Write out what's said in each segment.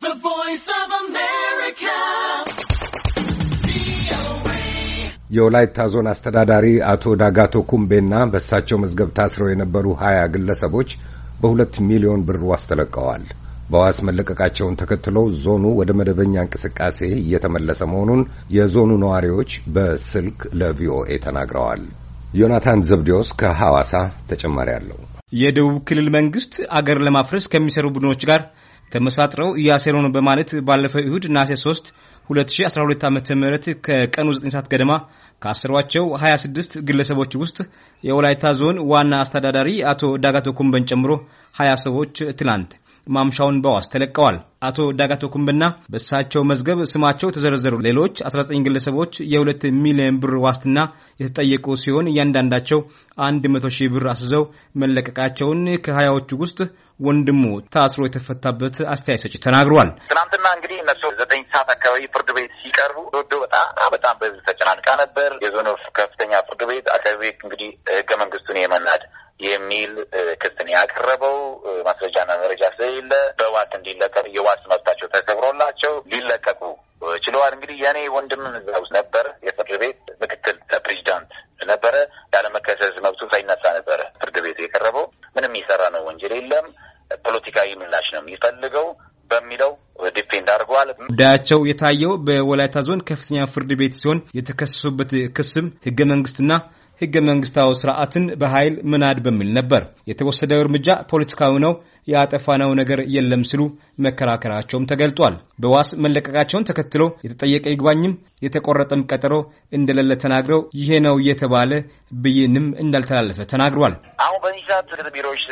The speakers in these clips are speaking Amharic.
The Voice of America. የወላይታ ዞን አስተዳዳሪ አቶ ዳጋቶ ኩምቤና በእሳቸው መዝገብ ታስረው የነበሩ ሀያ ግለሰቦች በሁለት ሚሊዮን ብር ዋስ ተለቀዋል። በዋስ መለቀቃቸውን ተከትሎ ዞኑ ወደ መደበኛ እንቅስቃሴ እየተመለሰ መሆኑን የዞኑ ነዋሪዎች በስልክ ለቪኦኤ ተናግረዋል። ዮናታን ዘብዴዎስ ከሐዋሳ ተጨማሪ አለው። የደቡብ ክልል መንግስት አገር ለማፍረስ ከሚሰሩ ቡድኖች ጋር ከመሳጥረው እያሴሮ ነው በማለት ባለፈው እሁድ ናሴ 3 2012 ዓ ም ከቀኑ 9 ሰዓት ገደማ ከአስሯቸው 26 ግለሰቦች ውስጥ የወላይታ ዞን ዋና አስተዳዳሪ አቶ ዳጋቶ ኩምበን ጨምሮ 20 ሰዎች ትላንት ማምሻውን በዋስ ተለቀዋል። አቶ ዳጋቶ ኩምብና በእሳቸው መዝገብ ስማቸው ተዘረዘሩ ሌሎች 19 ግለሰቦች የሁለት ሚሊዮን ብር ዋስትና የተጠየቁ ሲሆን እያንዳንዳቸው 100 ሺህ ብር አስዘው መለቀቃቸውን ከሀያዎቹ ውስጥ ወንድሙ ታስሮ የተፈታበት አስተያየት ሰጪ ተናግሯል። ትናንትና እንግዲህ እነሱ ዘጠኝ ሰዓት አካባቢ ፍርድ ቤት ሲቀርቡ ዶዶ በጣም በጣም በህዝብ ተጨናንቃ ነበር። የዞኑ ከፍተኛ ፍርድ ቤት አካባቢ እንግዲህ ህገ መንግስቱን የመናድ የሚል ክስን ያቀረበው ማስረጃና መረጃ ስለሌለ በዋስ እንዲለቀቅ የዋስ መብታቸው ተከብሮላቸው ሊለቀቁ ችለዋል። እንግዲህ የኔ ወንድምም እዛ ውስጥ ነበር። የፍርድ ቤት ምክትል ፕሬዚዳንት ነበረ። ያለመከሰስ መብቱ ሳይነሳ ነበረ ፍርድ ቤቱ የቀረበው። ምንም የሰራ ነው ወንጀል የለም። ፖለቲካዊ ምላሽ ነው የሚፈልገው። በሚለው ዲፔንድ አድርገዋል። ጉዳያቸው የታየው በወላይታ ዞን ከፍተኛ ፍርድ ቤት ሲሆን የተከሰሱበት ክስም ህገ መንግስትና ህገ መንግስታዊ ስርዓትን በኃይል ምናድ በሚል ነበር። የተወሰደው እርምጃ ፖለቲካዊ ነው፣ ያጠፋነው ነገር የለም ሲሉ መከራከራቸውም ተገልጧል። በዋስ መለቀቃቸውን ተከትሎ የተጠየቀ ይግባኝም የተቆረጠም ቀጠሮ እንደሌለ ተናግረው ይሄ ነው የተባለ ብይንም እንዳልተላለፈ ተናግሯል። አሁን በዚህ ሰዓት ቢሮዎች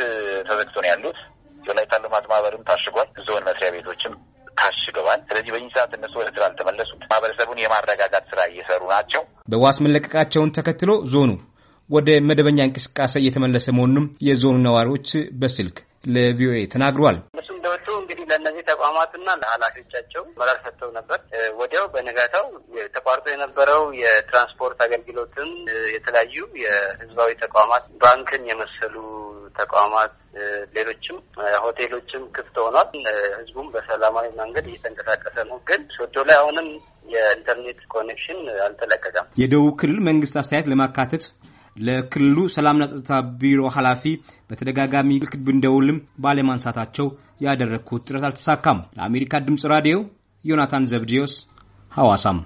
ተዘግቶ ነው ያሉት የወላይታ ልማት ማህበርም ታሽጓል። ዞን መስሪያ ቤቶችም ታሽገዋል። ስለዚህ በዚህ ሰዓት እነሱ ወደ ስራ አልተመለሱም። ማህበረሰቡን የማረጋጋት ስራ እየሰሩ ናቸው። በዋስ መለቀቃቸውን ተከትሎ ዞኑ ወደ መደበኛ እንቅስቃሴ እየተመለሰ መሆኑንም የዞኑ ነዋሪዎች በስልክ ለቪኦኤ ተናግሯል። እንግዲህ ለእነዚህ ተቋማትና ለኃላፊዎቻቸው መራር ሰጥተው ነበር። ወዲያው በንጋታው ተቋርጦ የነበረው የትራንስፖርት አገልግሎትን፣ የተለያዩ የህዝባዊ ተቋማት ባንክን የመሰሉ ተቋማት፣ ሌሎችም ሆቴሎችም ክፍት ሆኗል። ህዝቡም በሰላማዊ መንገድ እየተንቀሳቀሰ ነው። ግን ሶዶ ላይ አሁንም የኢንተርኔት ኮኔክሽን አልተለቀቀም። የደቡብ ክልል መንግስት አስተያየት ለማካተት ለክልሉ ሰላምና ጸጥታ ቢሮ ኃላፊ በተደጋጋሚ ልክ ብንደውልም ባለማንሳታቸው ያደረግኩት ጥረት አልተሳካም። ለአሜሪካ ድምፅ ራዲዮ ዮናታን ዘብዲዮስ ሐዋሳም